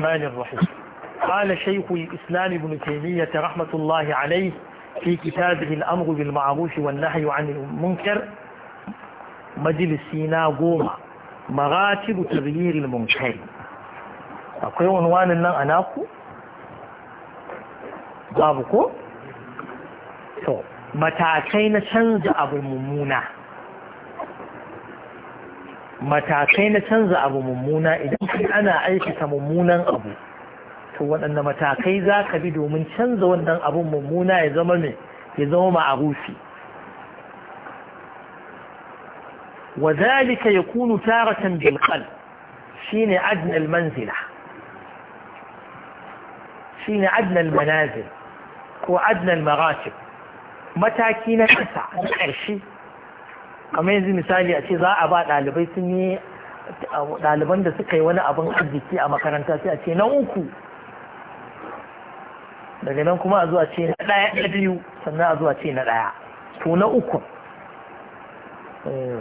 الرحمن الرحيم قال شيخ الإسلام ابن تيمية رحمة الله عليه في كتابه الأمر بالمعروف والنهي عن المنكر مجلسينا قوم مراتب تغيير المنكر akwai unwanin nan a naku? babu ko? to matakai na canza abu mummuna matakai na canza abu mummuna idan kai ana aikata mummunan abu to waɗanda matakai za ka bi domin canza wannan abun mummuna ya zama mai ya zama ma'arufi wa zalika yakunu taratan bil qalb shine adna manzila shi ne al manazil ko adna al maratib mataki na kasa na ƙarshe kamar yanzu misali a ce za a ba ɗalibai sun yi ɗaliban da suka yi wani abin arziki a makaranta sai a ce na uku daga nan kuma a zuwa ce na ɗaya na biyu sannan a zuwa ce na ɗaya to na uku eh,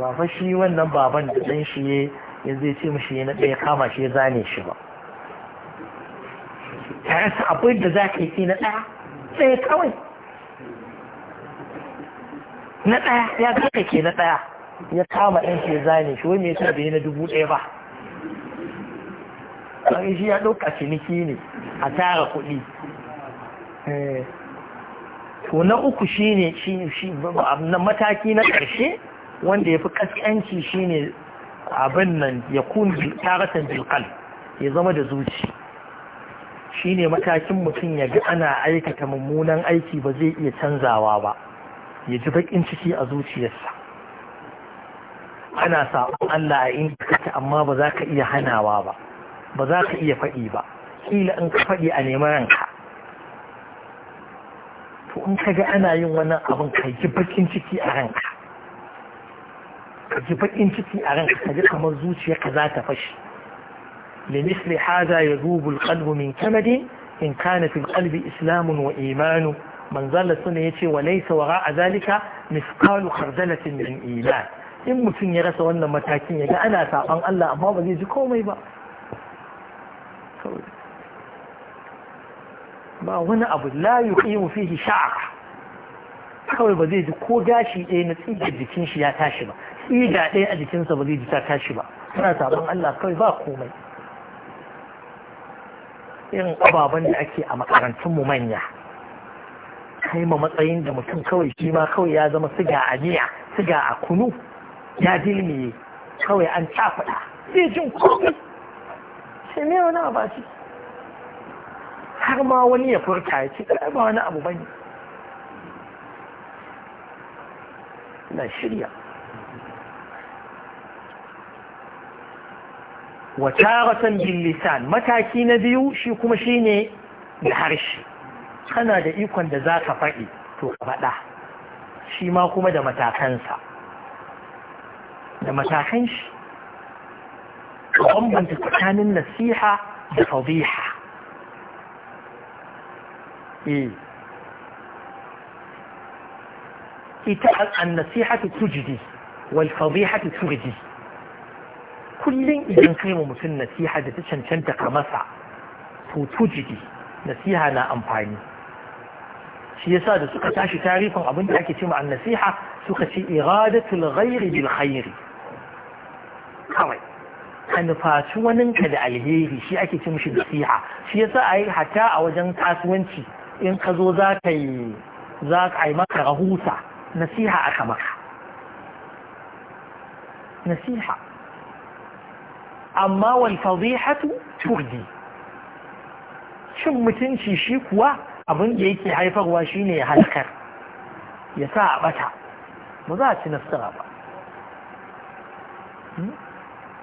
ba fa shi wannan baban da ɗan shi ya zai ce mashi na ɗaya kama shi ya zane shi ba tare da abin da za ka yi na ɗaya ɗaya kawai na ɗaya ya ka ke na ɗaya ya kama ɗan ke zane shi wani me da yi na dubu ɗaya ba kan shi ya ɗauka ciniki ne a tara kuɗi eh. to na uku shi ne shi shi mataki na ƙarshe wanda ya fi ƙasƙanci ne abin nan ya kun taratan bilkal ya zama da zuci Shi ne matakin mutum ya ga ana aikata mummunan aiki ba zai iya canzawa ba ya ji baƙin ciki a zuciyarsa ana saɓon Allah a inda kake amma ba za ka iya hanawa ba ba za ka iya faɗi ba kila in ka faɗi a neman ranka to in ka ga ana yin wannan abin ka ji baƙin ciki a ranka ka ji baƙin ciki a ranka ka ji kamar zuciyarka za ta fashi لمثل هذا يذوب القلب من كمد إن كان في القلب إسلام وإيمان manzala suna ya ce wa laisa wa a zalika miskalu kardalatin min iman in mutum ya rasa wannan matakin ya ga ana saban Allah amma ba zai ji komai ba ba wani abu la yuqimu fihi sha'a kawai ba zai ji ko gashi ɗaya na tsigar jikin shi ya tashi ba tsiga ɗaya a jikinsa ba zai ji ta tashi ba Ana saban Allah kawai ba komai irin ababen da ake a makarantunmu manya kai ma matsayin da mutum kawai shi ma kawai ya zama siga a miya siga a kunu ya dilmiye kawai an cakuɗa zai jin kuɗi sai me wani abu ce har ma wani ya furta ya ce ba wani abu bane na shirya Wata taratan bil lisan mataki na biyu shi kuma shine da harshe kana da ikon da za ka faɗi to ka faɗa shi ma kuma da matakansa da matakan shi ka bambanta tsakanin nasiha da fadiha eh. ita an-nasiha tujdi wal fadiha turdi kullum idan kai wa mutum nasiha da ta cancanta ka masa to tujidi nasiha na amfani shi yasa da suka tashi tarifin abin da ake cewa an-nasiha suka ce iradatul ghairi bil khairi kawai ka nufaci waninka da alheri shi ake ce mishi nasiha shi yasa a yi hata a wajen kasuwanci in ka zo za ka yi za ka yi maka rahusa nasiha aka maka nasiha amma wal fadihatu turdi cin mutunci shi kuwa abin da yake haifarwa shine ya halakar ya sa a bata ba za a ci nasara ba hmm?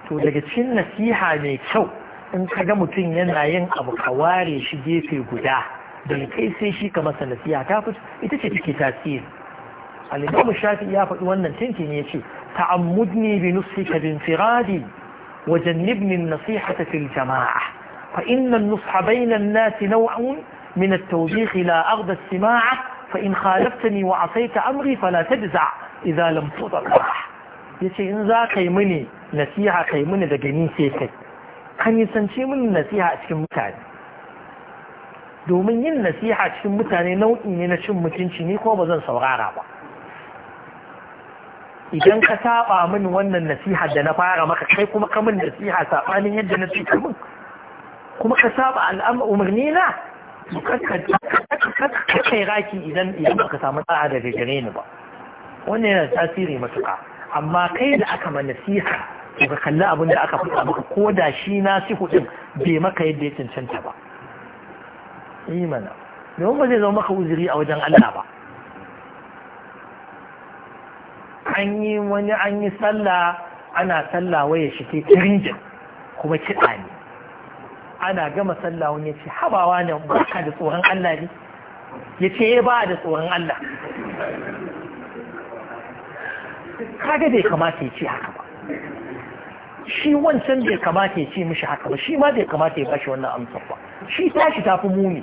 to daga cikin nasiha mai kyau in ka ga mutum yana yin abu ka ware shi gefe guda da kai sai shi ka masa nasiha ta fi ita ce take tasiri al shafi ya faɗi wannan tinkin ya ce ta'ammudni bi nusfika bin firadi وجنبني النصيحة في الجماعة فإن النصح بين الناس نوع من التوبيخ لا أغضى السماعة فإن خالفتني وعصيت أمري فلا تجزع إذا لم تضر yace in za ka yi mini nasiha ka yi mini daga ni sai kai ka nisanci mini nasiha a cikin mutane domin yin nasiha cikin mutane nau'i ne na cin mutunci ni ko ba zan saurara ba idan ka saba min wannan nasiha da na fara maka kai kuma ka min nasiha sabanin yadda na cika min kuma ka saba al'amurni na kai raki idan idan baka samu tsara daga gare ni ba wannan yana tasiri matuƙa amma kai da aka mana nasiha ka kalli abin da aka faɗa maka ko da shi na nasihu ɗin bai maka yadda ya cancanta ba imana domin ba zai zama maka uzuri a wajen Allah ba an yi wani an yi sallah ana sallah waya shi ke kuma kiɗa ne ana gama sallah wani ya ce habawa ne baka da tsoron Allah ne ya ce eh, ba da tsoron Allah kaga bai kamata ya ce haka ba shi wancan bai kamata ya ce mishi haka ba shi ma bai kamata ya bashi wannan amsar ba shi tashi tafi muni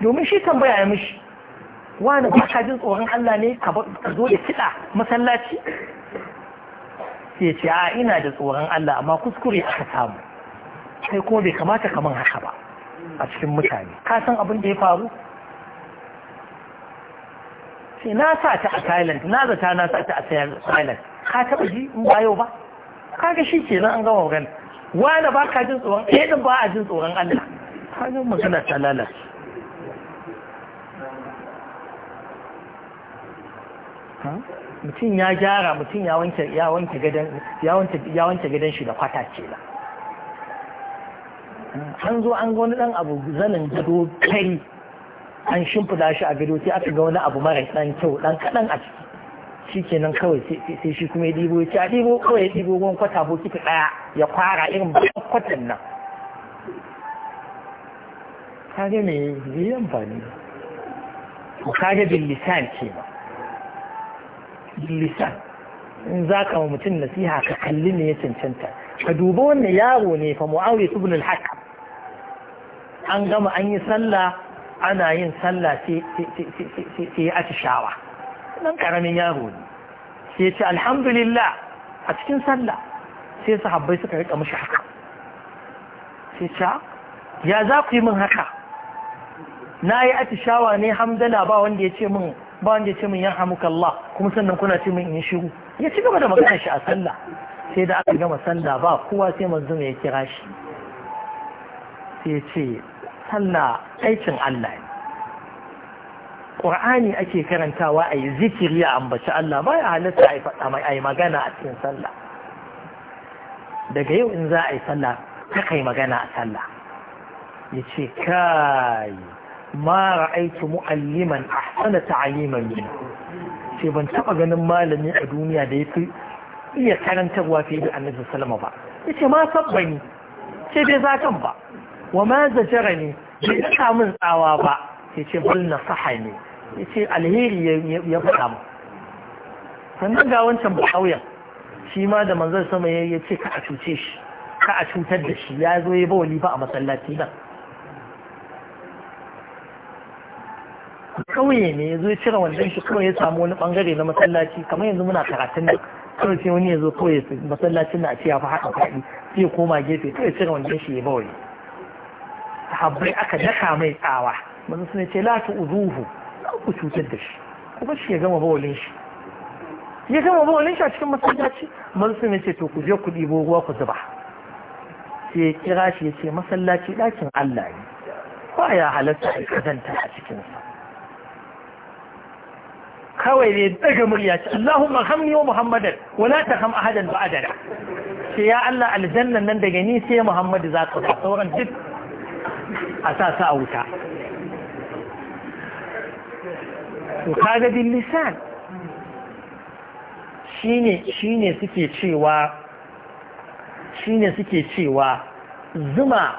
domin shi tambaya ya mishi wani ba ka jin tsoron Allah ne ka zo da kiɗa masallaci Ya ce a ina da tsoron Allah amma kuskure aka samu sai kuma bai kamata kaman haka ba a cikin mutane ka san abin da ya faru sai na sa ta a thailand na zata na sa ta a thailand ka taba ji in ba yau ba kaga shi ke nan an gama magana wani ba ka jin tsoron ɗaya eh, ɗin ba a jin tsoron allah kaga magana ta lalace mutum ya gyara mutum ya wanke gadon shi da kwata ce an zo an ga wani dan abu zanin gado kari an shimfida shi a gado sai aka ga wani abu mara dan kyau dan kadan a ciki shikenan kawai sai shi kuma ya dibo ya ci a dibo kawai ya dibo gwan kwata ko kika daya ya kwara irin kwatan nan kage me yi amfani ko kage bil lisan ce ba bil lisan in za ka mutum nasiha ka kalli ne ya cancanta ka duba wannan yaro ne fa mu'awiya ibn al-hakam an gama an yi sallah ana yin sallah sai ya atishawa nan karamin yaro ne sai ya ce alhamdulillah a cikin sallah sai sahabbai suka rika mashi haka sai ce ya za ku yi min haka na yi atishawa ne hamdala ba wanda ya ce min ba wanda ya ce min hamuka Allah kuma sannan kuna ce min in shiru ya ci gaba da magana shi a sallah sai da aka gama sallah ba kowa sai manzo ya kira shi sai ce sallah aikin Allah ne ƙur'ani ake karantawa a yi zikiri a ambaci Allah ba ya halatta a yi magana a cikin sallah daga yau in za a yi sallah ta kai magana a sallah ya ce kai ma ra'aitu mu'alliman ahsana ta'aliman min ce ban taba ganin malami a duniya da ya fi iya karantarwa fiye da annabi sallama ba ya ce ma sabbani bai dai kan ba wa ma zajara ne bai daka min tsawa ba ya ce bal na saha ne ya ce alheri ya faɗa mu sannan ga wancan bauyan shi ma da manzan sama ya ce ka a cuce shi ka a cutar da shi ya zo ya ba wani ba a masallaci nan kauye ne ya zo ya cire wandon shi kawai ya samu wani bangare na masallaci kamar yanzu muna karatun nan kawai sai wani ya zo kawai masallacin na a ce ya fi haka faɗi sai koma gefe kawai cire wandon shi ya wani sahabbai aka daka mai tsawa manzo sun ce la tu'zuhu ku cutar da shi ku bar shi ya gama bawalin shi ya gama bawalin shi a cikin masallaci manzo sun ce to ku je ku ɗibo ruwa ku zuba sai ya kira shi ya ce masallaci ɗakin Allah ne ba ya halatta a kazanta a sa kawai ne daga murya ce Allahumma hamni wa Muhammadan wala taham ahadan ba'adana sai ya Allah aljannan nan daga ni sai Muhammadu zaka sauran duk a sa su a wuta to kaga bin lisan shine ne suke cewa zuma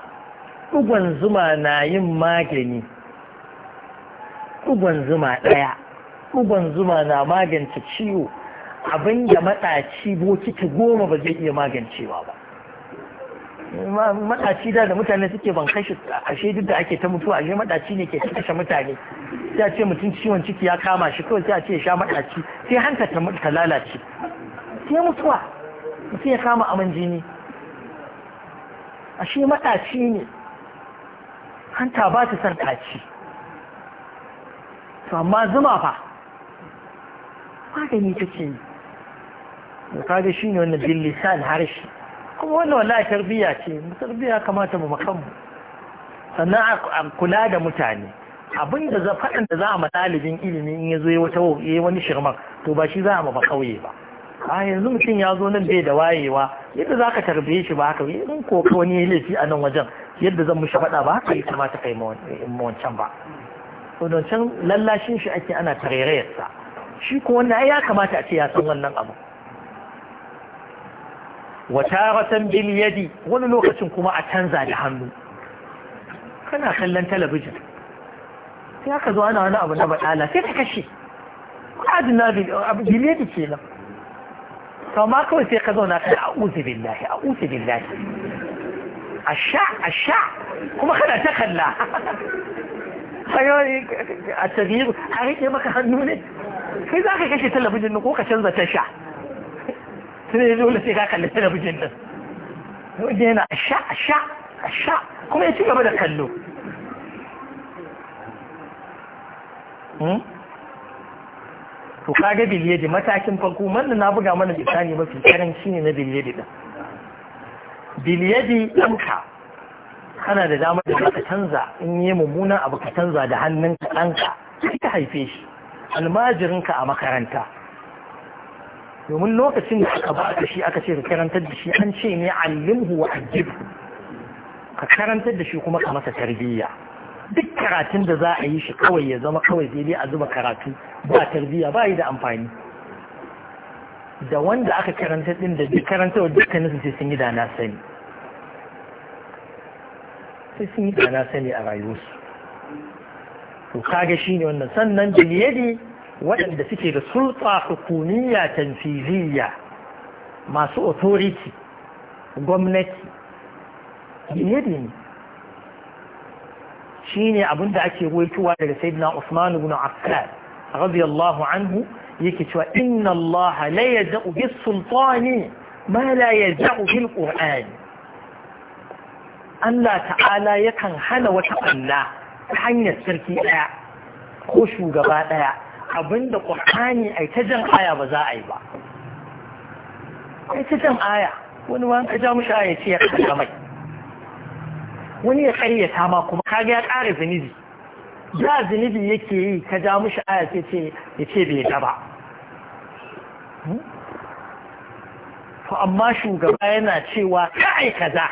ɗugon zuma na yin magani ɗugon zuma ɗaya ɗugon zuma na magance ciwo abin da maɗaci bokiti goma ba zai iya magancewa ba maɗaci da da mutane suke ban a ashe duk da ake ta mutuwa ashe maɗaci ne ke kashe mutane sai a ce mutum ciwon ciki ya kama shi kawai sai a ce sha maɗaci sai hanta ta lalace sai mutuwa mutum ya kama aman jini a shi maɗaci ne hanta ba ta san ɗaci to amma zuma fa magani take yi ga kaga ne wannan billisan harshe kuma wannan wallahi tarbiyya ce tarbiyya kamata mu makamu sannan a kula da mutane abin da za faɗin da za a matsalibin ilimi in ya zo ya wani shirman to ba shi za a mafa ƙauye ba a yanzu mutum ya zo nan bai da wayewa yadda za ka tarbiye shi ba haka in ko wani ya laifi a nan wajen yadda zan mushi faɗa ba haka ya kamata kai wancan ba Wadancan lallashin shi ake ana tarayyarsa shi ko wannan ya kamata a ce ya san wannan abu wa taratan bil yadi wani lokacin kuma a canza da hannu kana kallon talabijin sai aka zo ana wani abu na badala sai ta kashe adina bil yadi kenan kama kawai sai ka zauna kai a'udhu billahi a'udhu billahi asha asha kuma kana ta kalla a tagiyar a rike maka hannu ne sai za ka kashe talabijin ko ka canza tasha sai dole sai ka kalli talabijin din talabijin yana asha asha asha kuma ya ci gaba da kallo hmm? to kaga biliyadi matakin farko manna na buga mana bisani mafi karanci ne na biliyadi din biliyadi ɗanka kana da damar da ka canza in yi mummunan abu ka canza da hannunka ɗanka sai ka haife shi almajirinka a makaranta domin lokacin da aka ba ka shi aka ce ka karantar da shi an ce ne allimhu wa ajib ka karantar da shi kuma ka masa tarbiyya duk karatun da za a yi shi kawai ya zama kawai sai dai a zuba karatu ba tarbiyya ba yi da amfani da wanda aka karanta din da duk karantar dukkanin su sai sun yi da na sani sai sun yi da na sani a rayuwarsu to kaga shine wannan sannan biliyadi waɗanda suke da sulta hukumiyya tanfiziyya masu authority gwamnati yadda ne shi ne abinda ake waituwa daga sayyidina Usman ibn Affan radiyallahu anhu yake cewa inna Allah la yad'u bis sultani ma la yad'u bil qur'an Allah ta'ala yakan hana wata Allah ta hanyar sarki daya ko shugaba daya abinda ƙur'ani yi ta jan aya ba za a yi ba ai ta jan aya wani wani ka ja mushi aya ce ya kasa mai wani ya karyata ma kuma ga ya ƙara zunubi ya zunubi yake yi ka ja mushi aya ce ce ya ce bai ta ba hmm? to amma shugaba yana cewa kai kaza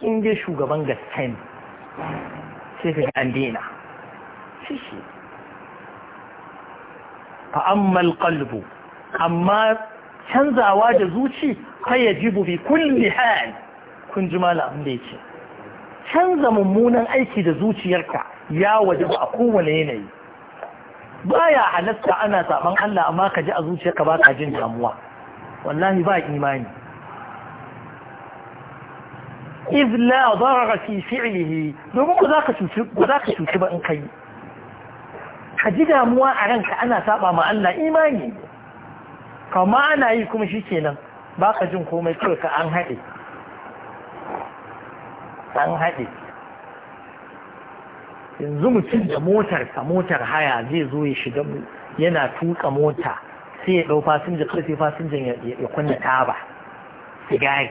in dai shugaban gaske ne sai ka ga an daina shi shi فأما ƙalbu, amma canzawa da zuci fayajibu bi kulli hal kun ji malamin da yake canza mummunan aiki da zuciyarka ya wajaba a kowane yanayi baya halatta ana saban Allah amma ka ji a zuciyarka ba ka jin damuwa wallahi ba imani iz la darara fi fi'lihi domin ba za cuci ba in kai ka ji damuwa a ranka ana saba ma Allah imani kama ana yi kuma shi kenan ba ka jin komai kawai ka an haɗe an haɗe yanzu mutum da motar ka motar haya zai zo ya shiga yana tuka mota sai ya ɗau fasinja karfe fasinjan ya kunna taba sigari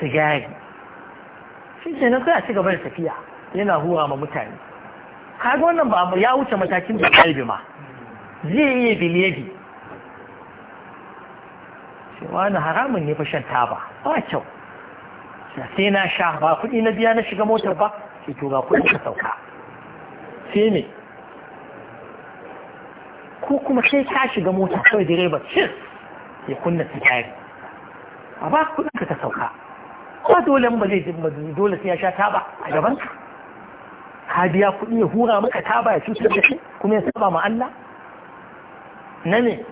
sigari shi kenan sai a ci gaba da tafiya yana huwa ma mutane kaga wannan ba ya wuce matakin da kalbi ma zai iya biliyadi sai wani haramun ne shan taba ba kyau sai na sha ba kuɗi na biya na shiga motar ba sai to ga kuɗi ka sauka sai ne ko kuma sai ka shiga motar kawai direba cin ya kunna sigari a ba kuɗin ka sauka ba dole ba zai dole sai ya sha taba a gaban ka ka ya kuɗi ya hura maka taba ya cutar da shi kuma ya saba ma Allah na ne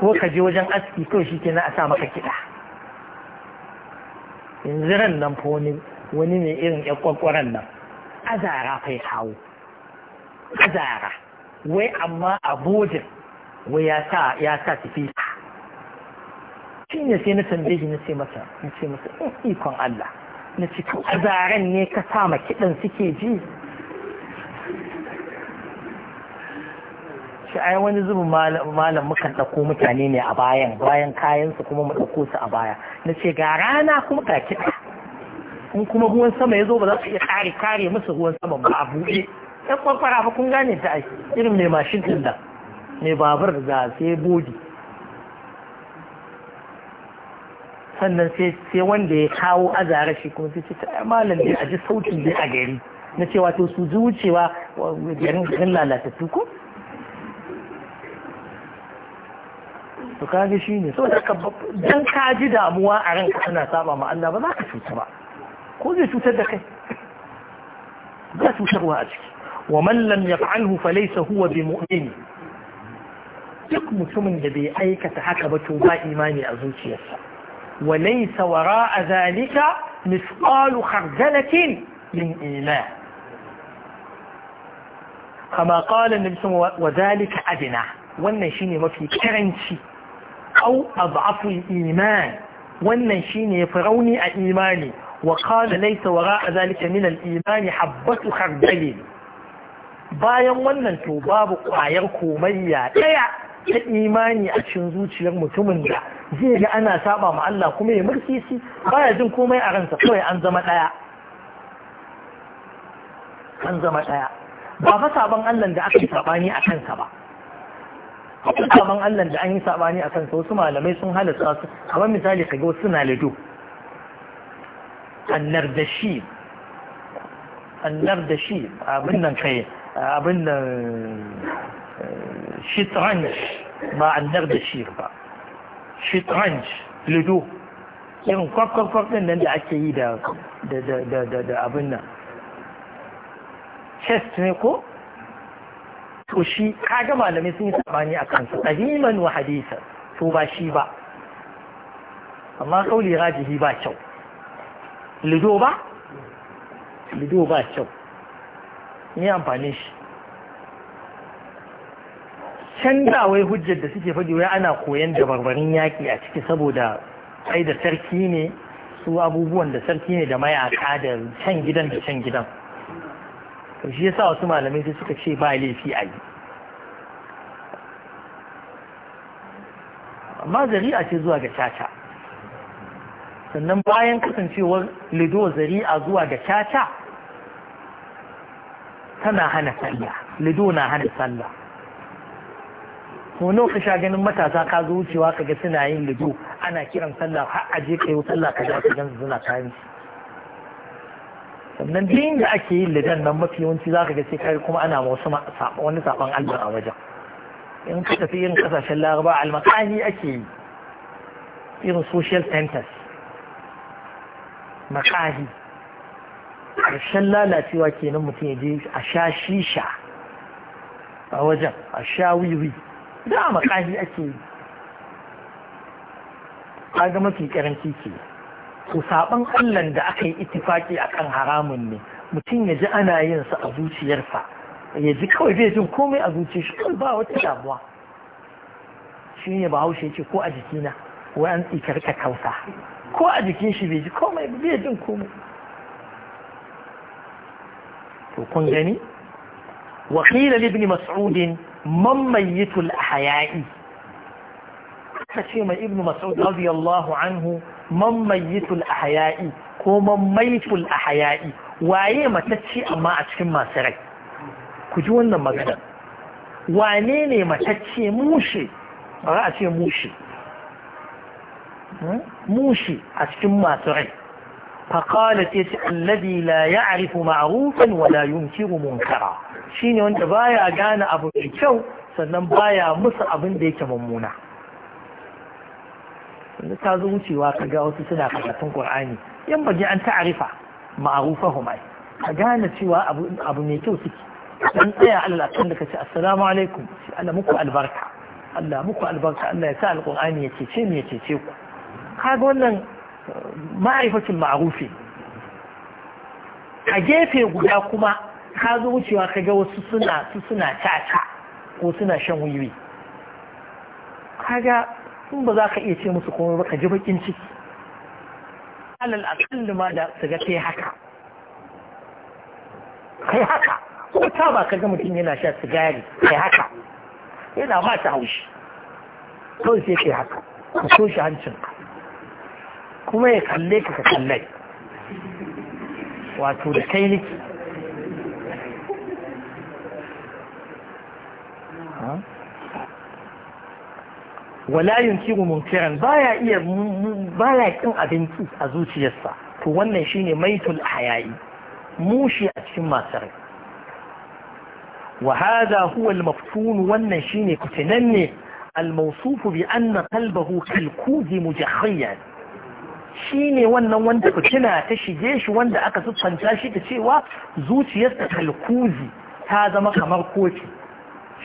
ko ka je wajen aski kawai shi kenan a sa maka kiɗa yanzu ran nan fa wani wani ne irin ƴan kwakwaran nan azara fa ya azara wai amma a wai ya sa ya sa tafi shi ne sai na tambaye shi na ce masa na ce masa eh, ikon Allah na cikin azaren ne ka sama kiɗan suke ji shi ai wani zubin malam mukan ɗauko mutane ne a bayan bayan kayansu kuma mu ɗauko su a baya na ce ga rana kuma ga kiɗa in kuma ruwan sama ya zo ba za su iya kare kare musu ruwan sama ba a buɗe ɗan kwakwara ba kun gane ta ai irin mai mashin ɗin da mai babur da sai bodi sannan sai wanda ya kawo azara shi kuma sai ce ta malam dai a ji sautin dai a gari na cewa to su ji wucewa garin garin lalatattu ko to ji shi ne da ka dan ka ji damuwa a ranka kana saba ma Allah ba za ka cuta ba ko zai cutar da kai ba cutarwa a ciki wa man lam yaf'alhu falaysa huwa bimu'min duk mutumin da bai aikata haka ba to ba imani a zuciyarsa وليس وراء ذلك مثقال خ من إيمان كما قال النبي صلى الله عليه وسلم وذلك أدنى د ن ى والنشين وفي كرنسي أ و أ ض يفروني إ وقال ليس وراء ذلك من الإيمان حبة إ ي م ا ن ح باين ونن توباب قاير كوميا ta imani a cikin zuciyar mutumin da zai ga ana saba ma Allah kuma ya Ba baya jin komai a ransa kawai an zama daya an zama daya ba fa saban Allah da aka yi sabani a kansa ba saban Allah da an yi sabani a kansa wasu malamai sun halasta su kamar misali kage wasu na lado da shi, abin nan kai abin nan eh, shitranj ba a annar da shir ba shitranj ludo irin kwakwakwakwak ɗin nan da ake yi da abin nan chest ne ko to shi ga malamai sun yi sabani a kansu qadiman wa hadisa to ba shi ba amma kauli rajihi ba kyau lido ba lido ba kyau ni amfani shi can da wai hujjar da suke faɗi wai ana koyan da barbarin yaƙi a ciki saboda ai da sarki ne su abubuwan da sarki ne da mayaka da can gidan da can gidan to shi yasa wasu malamai sai suka ce ba laifi a yi amma zari'a ce zuwa ga caca sannan bayan kasancewar lido zari'a zuwa ga caca tana hana sallah lido na hana sallah to nawa ka sha ganin matasa ka zo wucewa ka ga suna yin lido ana kiran sallah har a je kai sallah ka ga ka gansu suna kayan sannan din da ake yin lidan nan mafi yawanci za ka ga sai kai kuma ana wasu wani saban Allah a wajen in ka tafi yin kasashen laraba almakani ake yi irin social centers makahi ƙarshen lalacewa kenan mutum ya je a sha shisha a wajen a sha wiwi da a ake yi kaga mafi karanci ce ku saɓan allan da aka yi a kan haramun ne mutum ya ji ana yin su a zuciyarsa ya ji kawai bai jin komai a zuciya shi ba wata damuwa shi ne bahaushe ce ko a jikina wai an tsikar ka kausa ko a jikin shi bai ji komai bai jin komai to kun gani wakila ibn mas'udin mammayitul ahya'i aka ce mai ibnu mas'ud radiyallahu anhu mammayitul ahya'i ko mammaitul ahya'i waye matacce amma a cikin masu rai ku ji wannan magana wane ne matacce mushe ba a ce mushe hmm? mushe a cikin masu rai فقالت يتي الذي لا يعرف معروفا ولا ينكر منكرا wanda وانت بايا gane abu mai kyau sannan baya musu abin da yake mummuna wanda ta zo wucewa kaga ga wasu suna karatun qur'ani yan baje an ta'arifa ma'rufahum ai ka gane cewa abu mai kyau suke dan tsaya Allah kan da assalamu alaikum Allah muku albarka Allah muku albarka Allah ya sa alqur'ani ya cece mu ku kaga wannan ma'aifatul ma'arufi a gefe guda kuma ka zo wucewa ka ga wasu suna su suna caca ko suna shan wiwi kaga in ba za ka iya ce musu kuma ba ka ji bakin ciki alal aqall ma da su ga kai haka kai haka ko ta ba ka ga mutum yana sha sigari kai haka yana ba ta haushi kawai sai kai haka ka shi hancinka kuma ya kalle ka ka kalle wato da kai ne wala yunkiru munkiran baya iya baya kin abinci a zuciyarsa to wannan shine maitul hayayi mushi a cikin masu rai وهذا هو المفتون والنشين كتنني الموصوف بأن قلبه كالكوز مجخيا shi ne wannan wanda fitina ta shige shi wanda aka siffanta shi da cewa zuciyarsa kalkuzi ta zama kamar koci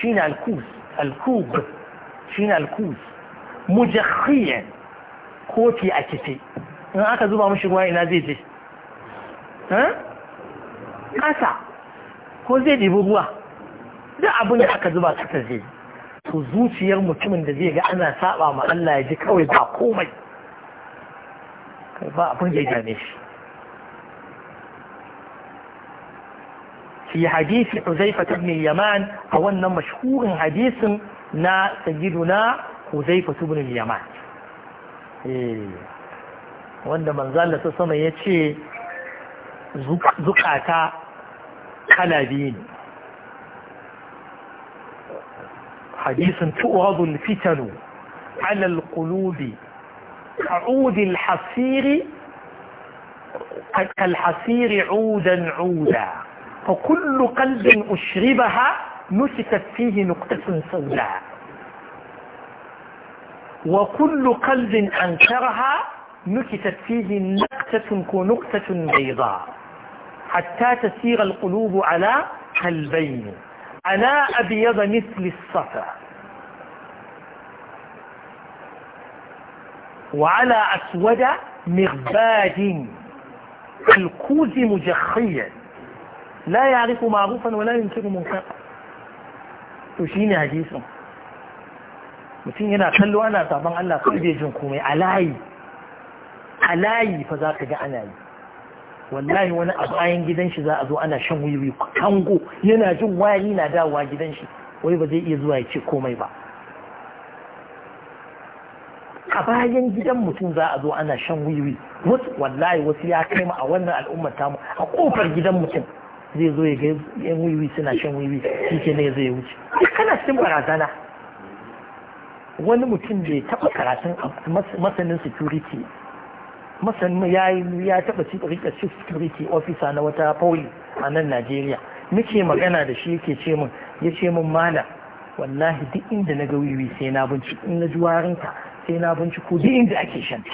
shi ne alkuz alkub shi ne alkuz mujahiyar kofi a kite in aka zuba mashi ruwa ina zai je ƙasa ko zai ɗibi ruwa duk abin da aka zuba ƙasa zai to zuciyar mutumin da zai ga ana saba ma Allah ya ji kawai ba komai kai ba abin da ya dame shi fi hadisi Huzaifa ibn Yaman a wannan mashhurin hadisin na sayyiduna Huzaifa ibn Yaman eh, wanda manzala ta sama ya ce zukata kala biyu ne hadisin tu'radul fitanu ala alqulubi كعود الحصير كالحصير عودا عودا فكل قلب أشربها نسكت فيه نقطة سوداء وكل قلب أنكرها نكتت فيه نقطة كنقطة بيضاء حتى تسير القلوب على قلبين انا أبيض مثل الصفا وعلى أسود مغباد الكوز مجخيا لا يعرف معروفا ولا ينكر منكرا تشيني حديث mutum yana kallo ana sabon Allah su bai jin komai a layi a layi fa za ka ga ana yi wallahi wani a bayan gidan shi za a zo ana shan wiwi kango yana jin wari na dawowa gidan shi wai ba zai iya zuwa ya ce komai ba a bayan gidan mutum za a zo ana shan wiwi wasu wallahi wasu ya kai mu a wannan al'ummar tamu a kofar gidan mutum zai zo ya ga yan wiwi suna shan wiwi shi ke ne zai wuce kana cikin barazana wani mutum da ya taba karatun masanin security masanin ya ya taba rika chief security officer na wata poli a nan Najeriya muke magana da shi yake ce min ya ce min malam wallahi duk inda na ga wiwi sai na bincike in na ji warinka sai na binciko duk inda ake shanta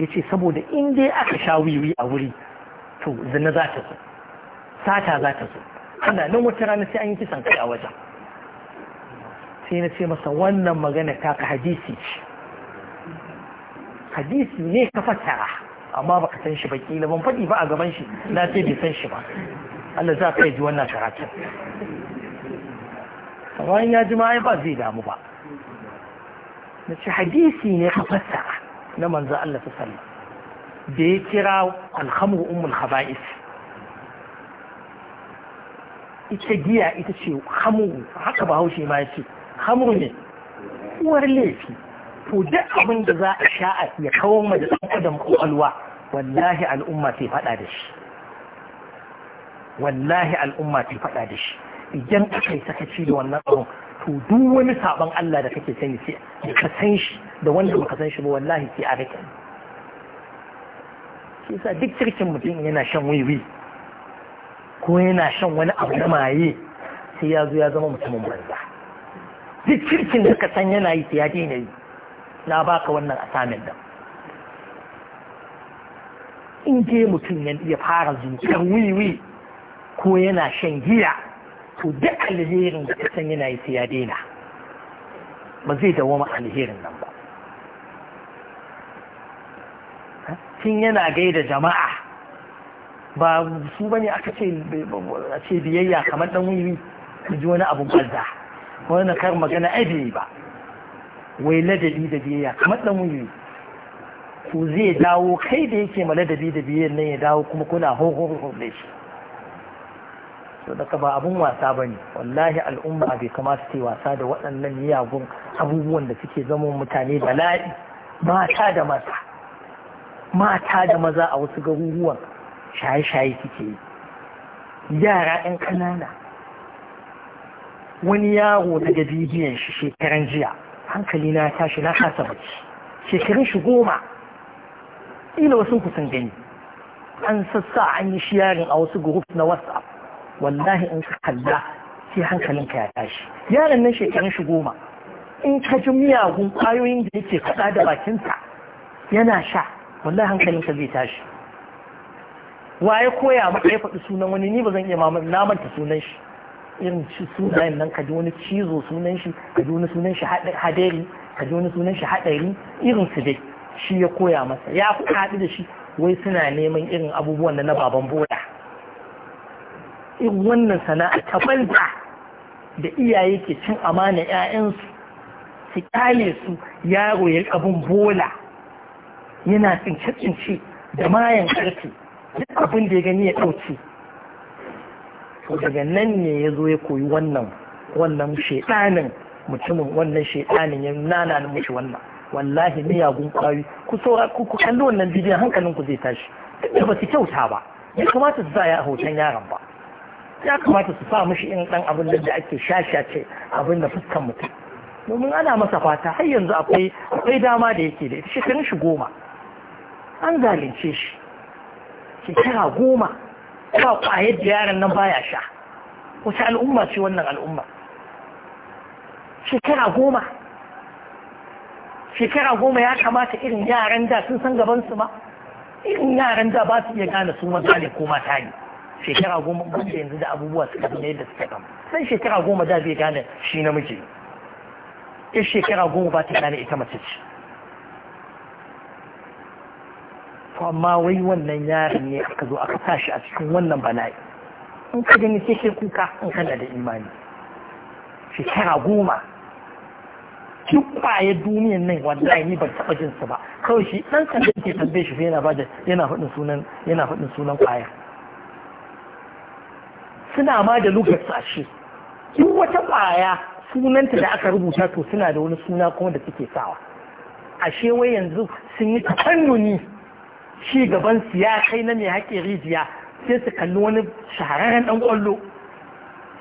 ya ce saboda in dai aka sha wiwi a wuri to zina za ta zo sata za ta zo ana nan wata rana sai an yi kisan kai a wajen sai na ce masa wannan magana ta ka hadisi ce hadisi ne ka fassara amma baka san shi ba kila ban faɗi ba a gaban shi na ce bai san shi ba Allah za ka yi ji wannan karatun. Kamar ya ji ma ba zai damu ba. na ci hadisi ne a fassara na manzo Allah ta sallam da ya kira alhamru ummul khaba'is ita giya ita ce hamuru haka bahaushe ma ya ce ne uwar laifi to duk abin da za a sha a ya kawo ma da ɗan adam ƙwaƙwalwa wallahi al'umma sai faɗa da shi wallahi al'umma sai faɗa da shi idan aka yi sakaci da wannan abin to duk wani sabon Allah da kake sani sai ka san shi da wanda baka san shi ba wallahi sai a rike shi yasa duk cikin mutum yana shan wiwi ko yana shan wani abu na maye sai ya zo ya zama mutumin banza duk kirkin da ka san yana yi sai ya daina yi na baka wannan assignment din in je mutum ya fara zuƙar wiwi ko yana shan giya to duk alherin da kasan yana yi sai ya daina ba zai ma alherin nan ba tun yana gaida jama'a ba su bane aka ce a ce biyayya kamar dan wuri ku ji wani abun banza wani kar magana ai bai ba wai ladabi da biyayya kamar dan wuri ku zai dawo kai da yake ma ladabi da biyayya nan ya dawo kuma kuna hohoro da shi to daga ba abun wasa ba ne wallahi al'umma bai kamata su wasa da waɗannan miyagun abubuwan da suke zama mutane bala'i mata da maza mata da maza a wasu garuruwan shaye-shaye suke yi yara ɗan ƙanana wani yaro daga bibiyan shi shekaran jiya hankali na tashi na kasa bacci shekarun shi goma ila wasu kusan gani an sassa an yi shiyarin a wasu groups na whatsapp wallahi in ka kalla sai hankalinka ya tashi yaran nan shekarun shi goma in ka ji miyagun kwayoyin da yake kaɗa da bakinsa yana sha wallahi hankalinka zai tashi waye koya maka ya faɗi sunan wani ni ba zan iya na manta sunan shi irin sunayen nan ka ji wani cizo sunan shi ka ji wani sunan shi hadari ka ji wani sunan shi hadari irin su dai shi ya koya masa ya haɗu da shi wai suna neman irin abubuwan da na baban boda in wannan sana'a ta banza da iyaye ke cin amana 'ya'yansu su kyale su yaro ya abin bola yana tsince-tsince da mayan ƙarfi, duk abin da ya gani ya ɗauki. to daga nan ne ya zo ya koyi wannan wannan shaɗanin mutumin wannan shaɗanin ya nana mishi wannan wallahi miyagun kwayoyi ku saura ku kalli wannan bidiyon hankalin ku zai tashi da ba su kyauta ba ya kamata su za a hoton yaron ba ya kamata su sa mishi irin dan abin da ake ce abin da fuskan mutum domin ana masa fata har yanzu akwai akwai dama da yake da shi shekarun shi goma an zalunce shi shekara goma ba kwayar da yaran nan baya sha wata al'umma ce wannan al'umma shekara goma shekara goma ya kamata irin yaran da sun san gabansu ma irin yaran da ba su iya gane su maza ne ko mata ne shekara goma wanda yanzu da abubuwa suka fi yadda suka kama dan shekara goma da zai gane shi namiji ya shekara goma ba ta gane ita mace ce to amma wai wannan yaron ne aka zo aka sa shi a cikin wannan bala'i in ka gani sai kai kuka in kana da imani shekara goma duk kwaye duniyan nan wallahi ni ban taɓa jinsu ba kawai shi ɗan kan da ke tambaye shi yana ba da yana faɗin sunan yana faɗin sunan suna ma da lugar sashi duk wata ƙwaya sunanta da aka rubuta to suna da wani suna kuma da suke sawa ashe wai yanzu sun yi kannuni shi gaban su ya kai na mai haƙe rijiya sai su kalli wani shahararren ɗan ƙwallo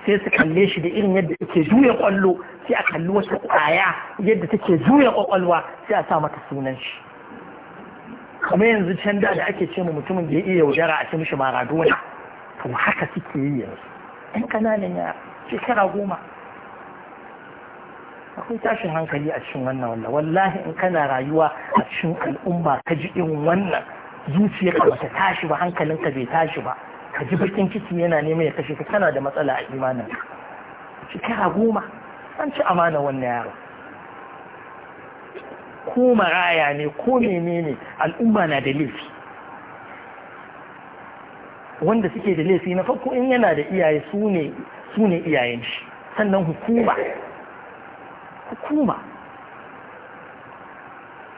sai su kalle shi da irin yadda take juya ƙwallo sai a kalli wata kwaya yadda take juya ƙwaƙwalwa sai a sa mata sunan shi kamar yanzu can da ake ce mutumin da ya iya yaudara a ce mishi maradona to haka suke yi yanzu ɗan ƙananan ya shekara goma akwai tashin hankali a cikin wannan wannan wallahi in kana rayuwa a cikin al'umma ka ji irin wannan zuciyar ka bata tashi ba hankalinka bai tashi ba ka ji bakin ciki yana neman ya kashe ka kana da matsala a imanin shekara goma an ci amana wannan yaro ko maraya ne ko menene al'umma na da laifi wanda suke da laifi na farko in yana da iyaye su ne iyayen shi sannan hukuma hukuma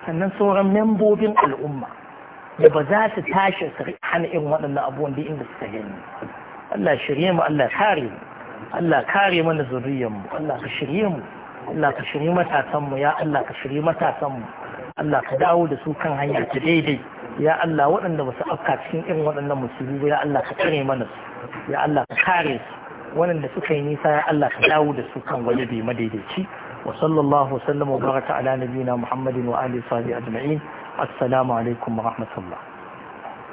sannan sauran membobin al'umma da ba za su tashi su hana irin waɗannan abubuwan da inda suka gani Allah shirye mu Allah kare mu Allah kare mana zuriyar mu Allah ka shirye mu Allah ka shirye matasan mu ya Allah ka shirye matasan mu Allah ka dawo da su kan hanya ta daidai ya Allah waɗanda ba su afka cikin irin waɗannan musulmi ya Allah ka tsare mana su ya Allah ka kare su waɗanda suka yi nisa ya Allah ka dawo da su kan waje bai madaidaici wa sallallahu wa sallama wa baraka ala nabiyina muhammadin wa alihi wa sahbihi ajma'in assalamu alaikum wa rahmatullah